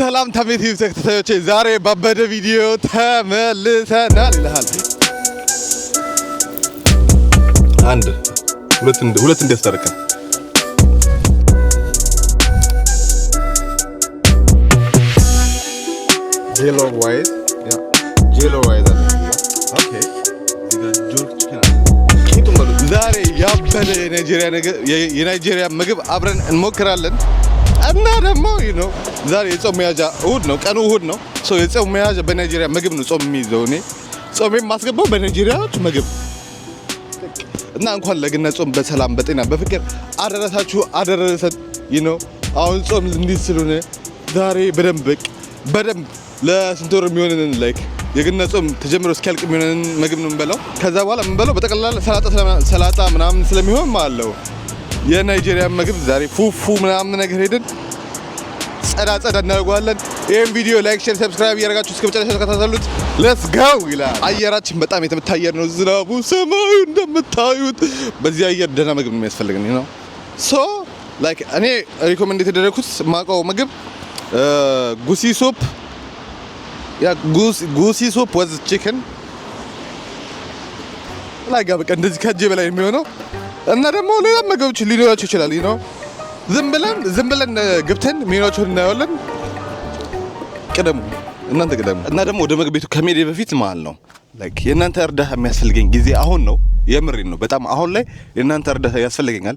ሰላም ታሜት ተከታታዮቼ፣ ዛሬ ባበደ ቪዲዮ ተመልሰናል አንድ ሁለት እንደ ሁለት እንዲያስታርቀን ጄሎ ዋይት ያ ጄሎ ዋይት ኦኬ ዛሬ ያበደ የናይጄሪያ ምግብ አብረን እንሞክራለን። እና ደግሞ ነው ዛሬ የጾም መያዣ እሁድ ነው፣ ቀኑ እሁድ ነው። የጾም መያዣ በናይጄሪያ ምግብ ነው ጾም የሚይዘው። እኔ ጾም የማስገባው በናይጄሪያዎች ምግብ እና እንኳን ለገና ጾም በሰላም በጤና በፍቅር አደረሳችሁ አደረሰን። ነው አሁን ጾም እንዲህ ስለሆነ ዛሬ በደንብ በደንብ ለስንት ወር የሚሆነንን ላይክ የገና ጾም ተጀምሮ እስኪያልቅ የሚሆነንን ምግብ ነው የምንበላው። ከዛ በኋላ የምንበላው በጠቅላላ ሰላጣ ምናምን ስለሚሆን ማለት የናይጄሪያ ምግብ ዛሬ ፉፉ ምናምን ነገር ሄደን ጸዳ ጸዳ እናደርገዋለን። ይህም ቪዲዮ ላይክ፣ ሼር፣ ሰብስክራይብ እያደረጋችሁ እስከ መጨረሻ ተከታተሉት። ሌትስ ጎው ይላል። አየራችን በጣም የተመታ ነው። ዝናቡ፣ ሰማዩ እንደምታዩት በዚህ አየር ደህና ምግብ ነው የሚያስፈልገን ነው። ሶ ላይክ እኔ ሪኮመንድ የተደረግኩት ማውቀው ምግብ ጉሲ ሱፕ ጉሲ ሱፕ ወዝ ቺክን ላይ ጋር በቃ እንደዚህ ከእጄ በላይ የሚሆነው እና ደግሞ ሌላ ምግቦች ሊኖራቸው ይችላል ነው ዝም ብለን ዝም ብለን ግብተን ሜኖቹን እናየዋለን። ቅደሙ እናንተ ቅደሙ። እና ደግሞ ወደ ምግብ ቤቱ ከሜዴ በፊት ማለት ነው ላይክ የእናንተ እርዳታ የሚያስፈልገኝ ጊዜ አሁን ነው። የምሬን ነው። በጣም አሁን ላይ የእናንተ እርዳታ ያስፈልገኛል።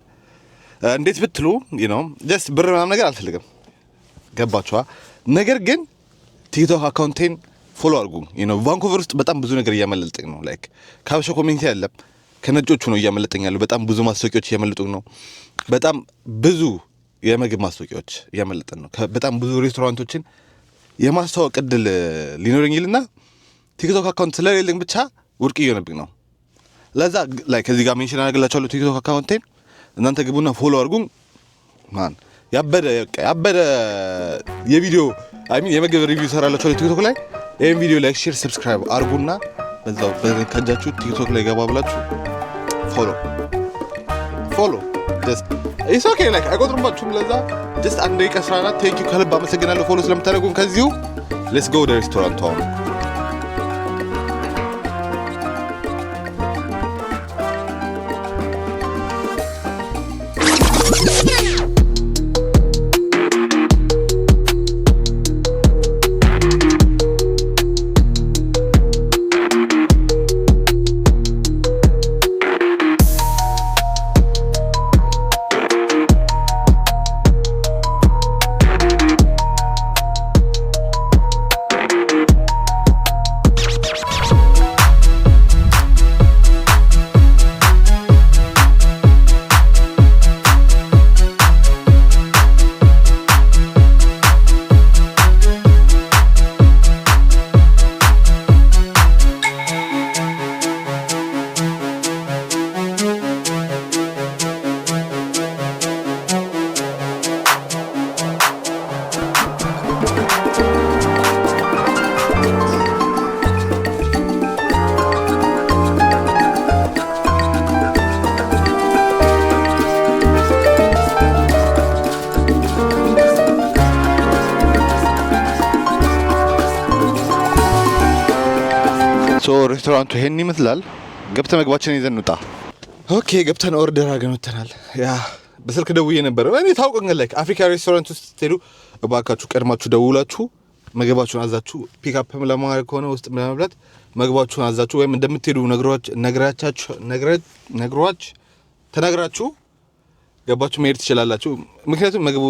እንዴት ብትሉ ነው ጀስት ብር ምናምን ነገር አልፈልግም። ገባችኋ? ነገር ግን ቲክቶክ አካውንቴን ፎሎ አድርጉ። ቫንኩቨር ውስጥ በጣም ብዙ ነገር እያመለልጥኝ ነው። ላይክ ከሀበሻ ኮሚኒቲ አለም ከነጮቹ ነው እያመለጠኝ ያለው። በጣም ብዙ ማስታወቂያዎች እያመለጡን ነው። በጣም ብዙ የምግብ ማስታወቂያዎች እያመለጠን ነው። በጣም ብዙ ሬስቶራንቶችን የማስተዋወቅ እድል ሊኖረኝ ይልና ቲክቶክ አካውንት ስለሌለኝ ብቻ ውድቅ እየሆነብኝ ነው። ለዛ ላይ ከዚህ ጋር ሜንሽን አደርግላችኋለሁ ቲክቶክ አካውንቴን። እናንተ ግቡና ፎሎ አድርጉኝ። ማን ያበደ ያበደ የቪዲዮ አይሚን የምግብ ሪቪው እሰራላችኋለሁ ቲክቶክ ላይ። ይህም ቪዲዮ ላይክ፣ ሼር፣ ሰብስክራይብ አድርጉና በዛው ከእጃችሁ ቲክቶክ ላይ ገባ ብላችሁ ፎሎ ፎሎ ስ ኦኬ ላይክ አይቆጥሩባችሁም። ለዛ ጀስት አንድ ደቂቃ ስራና ቴንኪ ከልብ አመሰግናለሁ ፎሎ ስለምታደረጉም ከዚሁ ሌስ ጎ ወደ ሬስቶራንት አሁን ሬስቶራንቱ ይሄን ይመስላል። ገብተ መግባችን ይዘን እንውጣ። ኦኬ ገብተን ኦርደር አገን ወተናል። ያ በስልክ ደውዬ ነበረ እኔ ታውቀኛል። ላይክ አፍሪካ ሬስቶራንት ውስጥ ስትሄዱ እባካችሁ ቀድማችሁ ደውላችሁ ምግባችሁን አዛችሁ ፒክአፕም ለማድረግ ከሆነ ውስጥ ለመብላት ምግባችሁን አዛችሁ ወይም እንደምትሄዱ ነግሯች ተነግራችሁ ገባችሁ መሄድ ትችላላችሁ። ምክንያቱም ምግቡ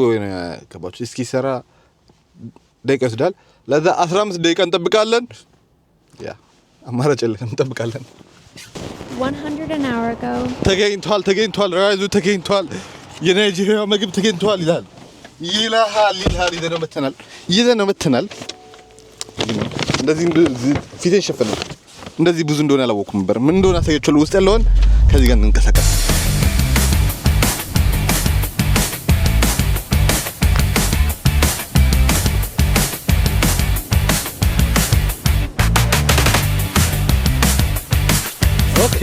ገባችሁ እስኪሰራ ደቂቃ ይወስዳል። ለዛ 15 ደቂቃ እንጠብቃለን ያ አማራጭ የለም፣ እንጠብቃለን። ተገኝቷል፣ ተገኝቷል፣ ራይዙ ተገኝቷል፣ የናይጄሪያ ምግብ ተገኝቷል ይላል ይልሃል ይልሃል። ይዘነው መተናል፣ ይዘነው መተናል። እንደዚህ ፊቴን ሸፈነ። እንደዚህ ብዙ እንደሆነ አላወኩም ነበር። ምን እንደሆነ አሳያችኋለሁ። ውስጥ ያለውን ከዚህ ጋር እንንቀሳቀስ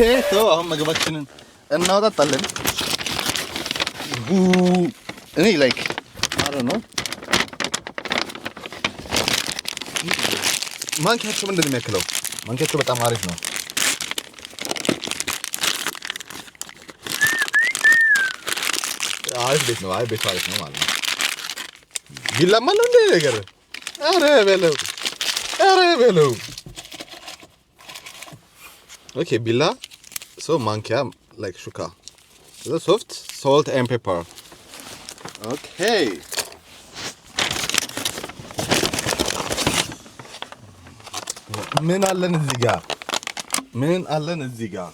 አሁን ምግባችንን እናወጣጣለን። እኔ ላይክ ማለት ነው ማንኪያቸው ምንድን ነው የሚያክለው? ማንኪያቸው በጣም አሪፍ ነው። አሪፍ ቤት ነው። አይ ቤቱ አሪፍ ነው ማለት ነው። ይላማል እንደ ነገር አረ በለው አረ በለው ኦኬ ቢላ So mankia like shuka. The soft salt and pepper. Okay. من علن الزقاق من علن الزقاق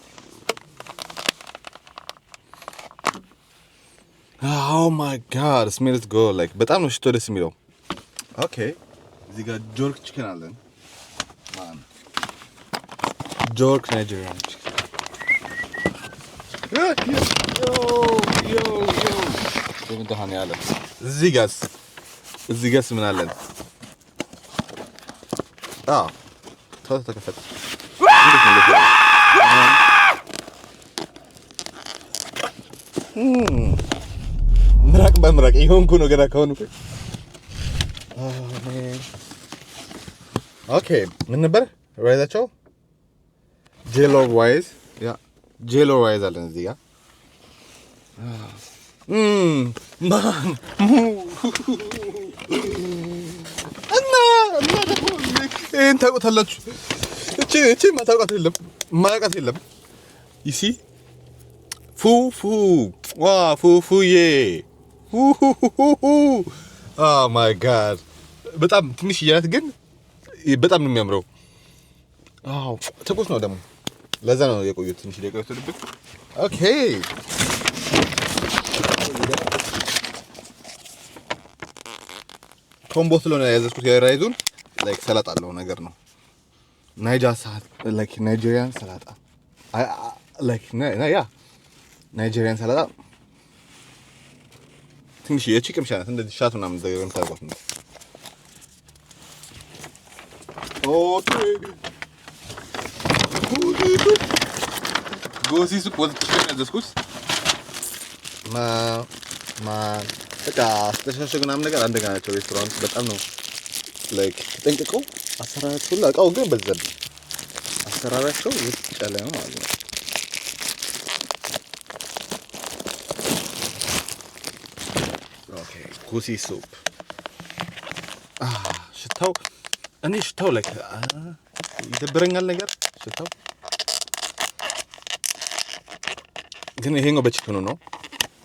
Oh my god, smells good. Like, በጣም ነው ሽቶ ደስ የሚለው። ኦኬ እዚህ ጋር ጆርክ ቺክን አለን። ማን ጆርክ ናይጄሪያን ቺክን በምድሃን ያለም እዚህ ጋስ እዚህ ጋስ ምን አለን? አዎ ተከፈተ። ምራቅ በምራቅ የሆንኩ ነው ገና ከሆኑ ኦኬ ምን ነበር ራይዛቸው ጄሎ ዋይዝ ጄሎ ዋይዝ አለን እዚህ ጋር እና እና ደግሞ ይሄን ታውቃታላችሁ። እቺ እቺ ማታውቃት የለም ማያውቃት የለም። ይሲ ፉ ዋ ፉ ኦ ማይ ጋድ በጣም ትንሽ እያለት ግን በጣም ነው የሚያምረው። ትኩስ ነው ደግሞ ለዛ ነው የቆዩት ትንሽ ደቂቃ ኦኬ ኮምቦ ስለሆነ ያዘዝኩት የራይዙን ላይክ ሰላጣ አለው ነገር ነው። ናይጃ ላይክ ናይጄሪያን ሰላጣ ላይክ ያ ናይጄሪያን ሰላጣ ትንሽ የቺ ቅምሻ እንደዚህ ሻት ምናምን ዘገረም ታርጓት ነው። ኦኬ ጎሲሱ ቆጥቼ ያዘዝኩት በቃ አስተሻሸግ ምናምን ነገር አንደጋ ናቸው። ሬስቶራንት በጣም ነው ላይክ ተጠንቅቀው አሰራራቸው ሁላ እቃው ግን በዛብኝ አሰራራቸው ውጭ ያለ ነው ማለት ነው። ኩሲ ሱፕ ሽታው እኔ ሽታው ላይ ይደብረኛል ነገር ሽታው ግን ይሄኛው በችክኑ ነው።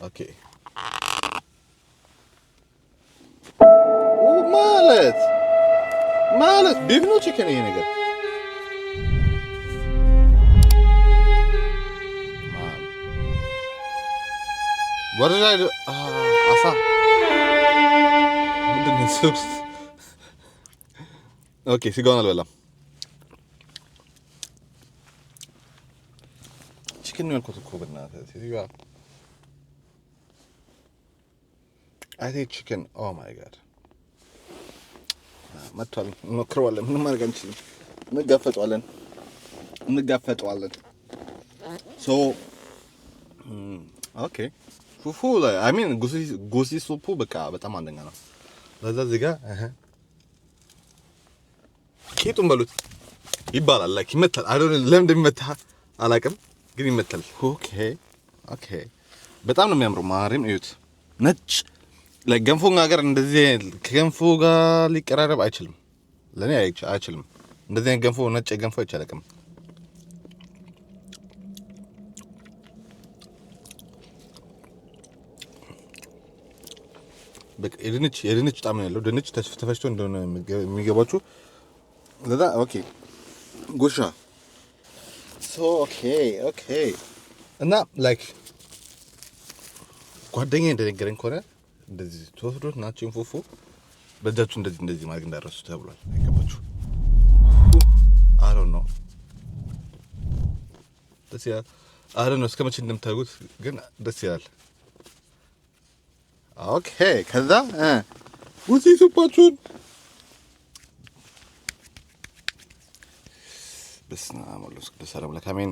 Okej. Okay. ማለት ማለት ቢብ ነው ቺክን ይሄ ነገር ወደ ላይ አሳ ምንድን ነው ስብስት ኦኬ ስጋውን አልበላም ቺክን ነው ያልኩት እኮ በእናትህ ሴትዮዋ አይቴ ቲንክ ቺክን ኦ ማይ ጋድ መጥቷል። እንሞክረዋለን። ምንም ማድረግ አንችልም። እንጋፈጠዋለን፣ እንጋፈጠዋለን። ሶ ኦኬ ፉፉ ላይ አይ ሚን ጉሲ ጉሲ ሱፑ በቃ በጣም አንደኛ ነው። ለዛ እዚህ ጋር ቂጡን በሉት ይባላል። ላይክ ይመታል። አይ ዶንት ለምን እንደሚመታ አላውቅም፣ ግን ይመታል። ኦኬ ኦኬ። በጣም ነው የሚያምሩ ማሪም እዩት ነጭ ገንፎ ሀገር እንደዚህ ከገንፎ ጋር ሊቀራረብ አይችልም። ለእኔ አይችልም። እንደዚህ ገንፎ ነጭ ገንፎ አይቻለቅም። የድንች የድንች ጣም ነው ያለው። ድንች ተፈጭቶ እንደሆነ የሚገባችሁ ለዛ ኦኬ ጉርሻ ሶ ኦኬ ኦኬ እና ላይክ ጓደኛ እንደነገረኝ ከሆነ እንደዚህ ተወስዶት ናቸው ንፎፎ በእጃችሁ እንደዚህ እንደዚህ ማድረግ እንዳረሱ ተብሏል። አይገባችሁ አረ ነው ደስ ይላል። አረ ነው እስከ መቼ እንደምታደርጉት ግን ደስ ይላል። ኦኬ ከዛ ውዚ ሱፓችሁን በስና ሞሎስ ቅዱስ አለም ለካሜን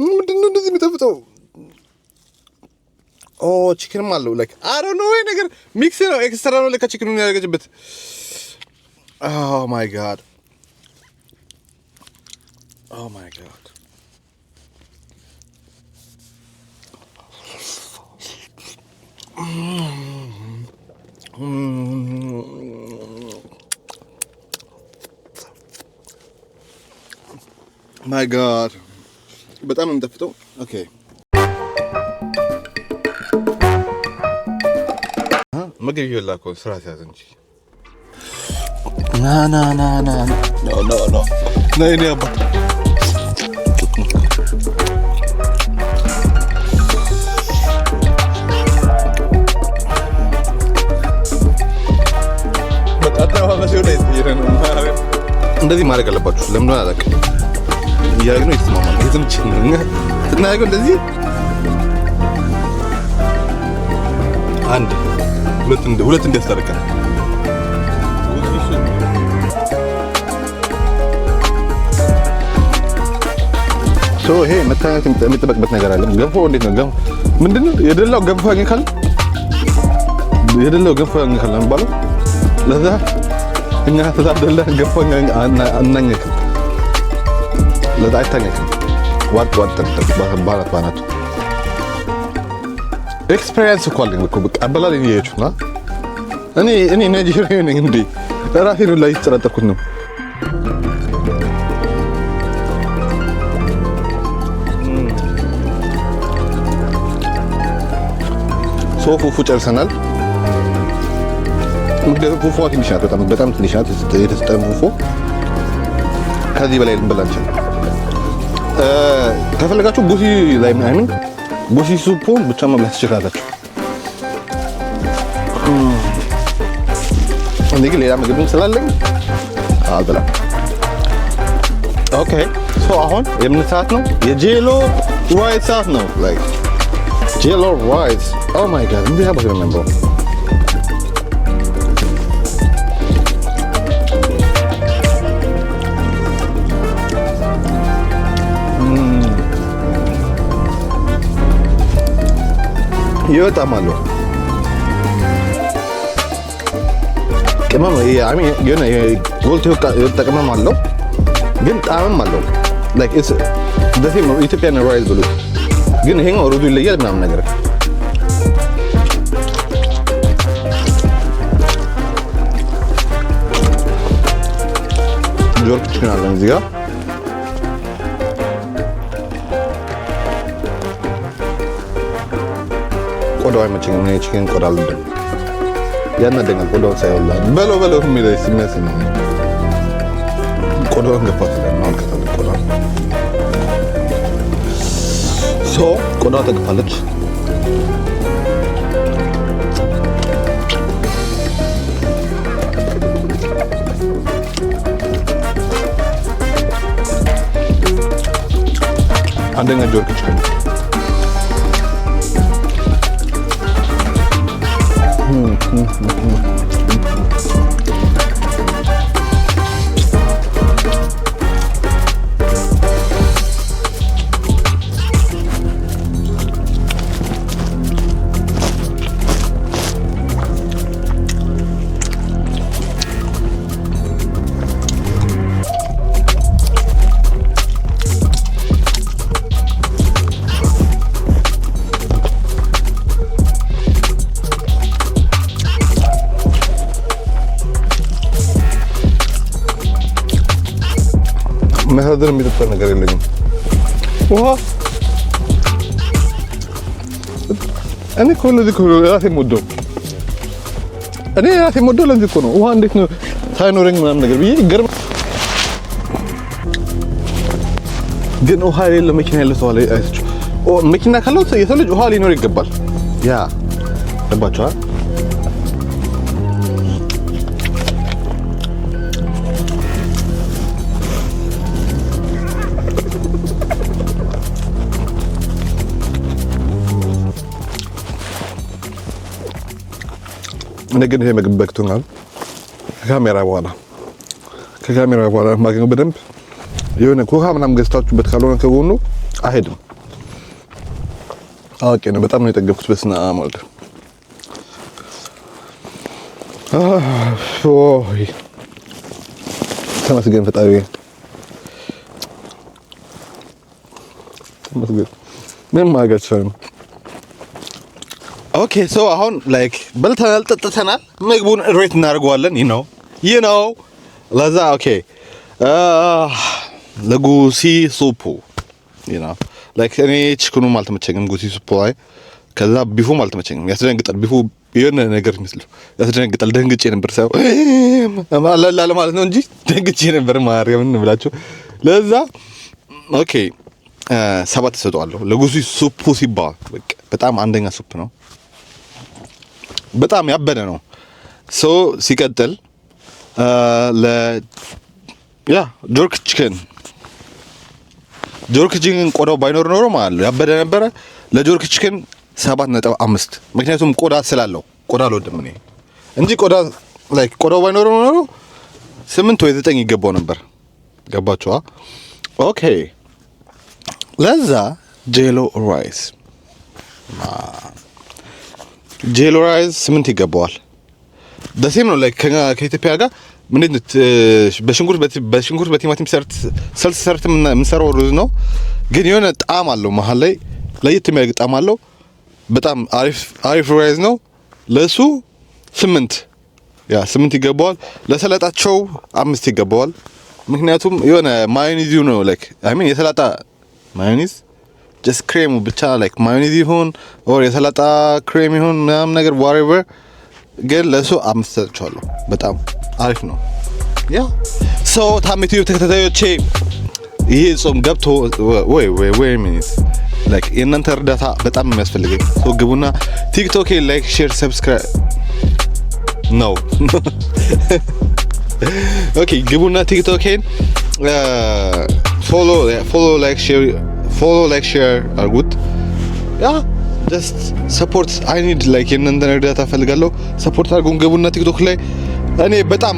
ምንድን ነው እንደዚህ የሚጠፍጠው? ኦ ቺክንም አለው ላይክ አረ ነው ወይ ነገር ሚክስ ነው ኤክስትራ ነው ለካ ቺክኑን ያደረገችበት። ኦ ማይ ጋድ ኦ ማይ ጋድ ማይ ጋድ በጣም ነው ኦኬ ምግብ ይበላ እኮ ሲያዝ ያዝ እንጂ ና እንደዚህ ማድረግ አለባችሁ። ለምን አላውቅም። እያደረግን ነው የተስማማል። የተመቸን ነው ስናደርገው እንደዚህ አንድ ሁለት እንደ ሁለት እንዲያስታርቀን ሶ ይሄ መታየት የሚጠበቅበት ነገር አለ። ገንፎ እንዴት ነው ገንፎ ምንድነው? የደላው ገንፎ ያገኛል። የደላው ገንፎ ያገኛል የሚባለው ለዛ እኛ ተዛደለ ገንፎ እናኛካል ለዛ አይታኘክም። ዋጥ ዋጥ ባናት ባናቱ ኤክስፔሪየንስ እኮ አለኝ እኮ በቃ አበላል እኔ እኔ ናይጄሪያዊ ነኝ እንዴ? ራሴን ላይ እየተጠራጠርኩት ነው። ፉፉ ጨርሰናል። ፉፉዋ ትንሽ ናት፣ በጣም ትንሽ ናት። የተሰጠን ፉፉ ከዚህ በላይ ልንበላ እንችላለን። ከፈለጋችሁ ጉሲ ላይ አይነት ጉሲ ሱፑን ብቻ መብላት ትችላላችሁ። እኔ ግን ሌላ ምግብም ስላለኝ አልበላም። ኦኬ ሶ አሁን የምን ሰዓት ነው? የጄሎ ራይስ ሰዓት ነው። ጄሎ ራይስ ኦ ማይ ጋድ ይወጣማሉ። ቅመም የሆነ ጎልቶ የወጣ ቅመም አለው፣ ግን ጣዕምም አለው። ኢትዮጵያ ራይዝ ብሉ ግን ይሄኛው ሩዙ ይለያል ምናምን ነገር ጆርክ ቺክን አለን እዚህ ጋር ቆዳው አይመቸኝም። እኔ ቺክን ቆዳ አልወድም፣ ያናደኛል። ቆዳውን ሳይወላ በለው በለው የሚለኝ ስሜት ነው። ቆዳውን ገፋት ቆዳ ሶ ቆዳዋ ተገፋለች። አንደኛ ጆርክ ቺክን 嗯嗯嗯。መሳደር የሚጠጣ ነገር የለኝም። ውሃ እኔ እኮ ለዚህ እኮ ራሴ የምወደው እኔ ራሴ የምወደው ለዚህ እኮ ነው። ውሃ እንዴት ነው ሳይኖረኝ ምናምን ነገር ብዬ ይገርም። ግን ውሃ የሌለ መኪና ያለ ሰው አለ። መኪና ካለው የሰው ልጅ ውሃ ሊኖር ይገባል። ያ ገባችኋል? እኔ ግን ይሄ ምግብ በቅቶኛል። ከካሜራ በኋላ ከካሜራ በኋላ ማገኘው በደንብ የሆነ ኮካ ምናምን ገዝታችሁበት ካልሆነ ከጎኑ አይሄድም። አዋቂ ነው። በጣም ነው የጠገብኩት። በስነ በስና ማለት ተመስገን ፈጣሪ ተመስገን። ምንም ማገቻ ነው ኦኬ ሶ አሁን ላይክ በልተናል፣ ጠጥተናል፣ ምግቡን ሬት እናደርገዋለን። ይህ ነው ይህ ነው ለዛ ኦኬ uh, ለጉሲ ሱፑ ይህ ነው ላይክ እኔ ችክኑም አልተመቸኝም፣ ጉሲ ሱፑ ላይ ከዛ ቢፉም አልተመቸኝም። ያስደነግጣል ቢፉ የሆነ ነገር ምስል ያስደነግጣል። ደንግጬ ነበር ሳይው አላለ ማለት ነው እንጂ ደንግጬ ነበር። ማርያምን ብላችሁ ለዛ ኦኬ ሰባት እሰጠዋለሁ ለጉሲ ሱፑ ሲባል በቃ በጣም አንደኛ ሱፕ ነው። በጣም ያበደ ነው። ሶ ሲቀጥል ያ ጆርክ ቺክን ጆርክ ቺክን ቆዳው ባይኖር ኖሮ ማለት ያበደ ነበረ። ለጆርክ ቺክን ሰባት ነጥብ አምስት ምክንያቱም ቆዳ ስላለው ቆዳ አልወድም እኔ እንጂ ቆዳ ላይክ ቆዳው ባይኖር ኖሮ ስምንት ወይ ዘጠኝ ይገባው ነበር። ገባችኋ? ኦኬ ለዛ ጄሎ ራይስ ጄሎራይዝ ስምንት ይገባዋል። ደሴም ነው ላይ ከኢትዮጵያ ጋር ምንድን በሽንኩርት በሽንኩርት በቲማቲም ሰርት ሰልስ ሰርት የምንሰራው ሩዝ ነው፣ ግን የሆነ ጣዕም አለው መሀል ላይ ለየት የሚያደርግ ጣዕም አለው። በጣም አሪፍ አሪፍ ራይዝ ነው። ለሱ ስምንት ያ ስምንት ይገባዋል። ለሰላጣቸው አምስት ይገባዋል። ምክንያቱም የሆነ ማዮኒዝ ነው ላይክ አይ ሚን የሰላጣ ማዮኒዝ ጀስት ክሬሙ ብቻ ላይክ ማዮኔዝ ይሁን ኦር የሰላጣ ክሬም ይሁን ምናምን ነገር ዋሬቨር፣ ግን ለእሱ አምስት ሰጥቼዋለሁ። በጣም አሪፍ ነው። ያ ሰው ታሜ ቲዩብ ተከታታዮቼ ይህ ጾም ገብቶ ወይ ወይ ወይ ሚኒት ላይክ የእናንተ እርዳታ በጣም የሚያስፈልገኝ ሰው ግቡና ቲክቶኬ ላይክ፣ ሼር፣ ሰብስክራይብ ነው ኦኬ ግቡና ቲክቶኬን ፎሎ ላይክ ሼር follow like share አርጉት። ያ ጀስት ሰፖርት አይ ኒድ ላይክ የእናንተን እርዳታ ፈልጋለሁ። ሰፖርት አድርጉን። ገቡና ቲክቶክ ላይ እኔ በጣም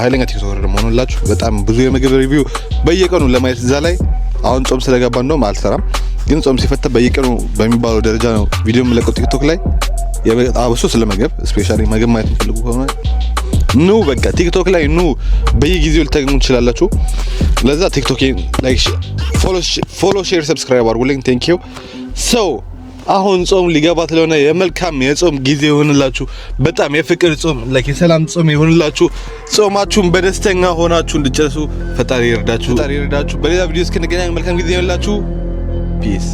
ኃይለኛ ቲክቶክ ደግሞ በጣም ብዙ የምግብ ሪቪው በየቀኑ ለማየት እዛ ላይ አሁን ጾም ስለገባ እንደውም አልሰራም፣ ግን ጾም ሲፈታ በየቀኑ በሚባለው ደረጃ ነው ቪዲዮ የምለቀው ቲክቶክ ላይ አብሶ ስለመገብ ስፔሻሊ ምግብ ማየት የምፈልጉ ከሆነ ኑ በቃ ቲክቶክ ላይ ኑ በየጊዜው ልታገኙ ትችላላችሁ። ለዛ ቲክቶክ ላይክ፣ ፎሎ፣ ሼር፣ ሰብስክራይብ አድርጉልኝ። ቴንክ ዩ ሰው አሁን ጾም ሊገባ ስለሆነ የመልካም የጾም ጊዜ ይሆንላችሁ። በጣም የፍቅር ጾም ላይክ የሰላም ጾም ይሆንላችሁ። ጾማችሁን በደስተኛ ሆናችሁ እንድጨርሱ ፈጣሪ ይርዳችሁ፣ ፈጣሪ ይርዳችሁ። በሌላ ቪዲዮ እስክንገናኝ መልካም ጊዜ ይሆንላችሁ። ፒስ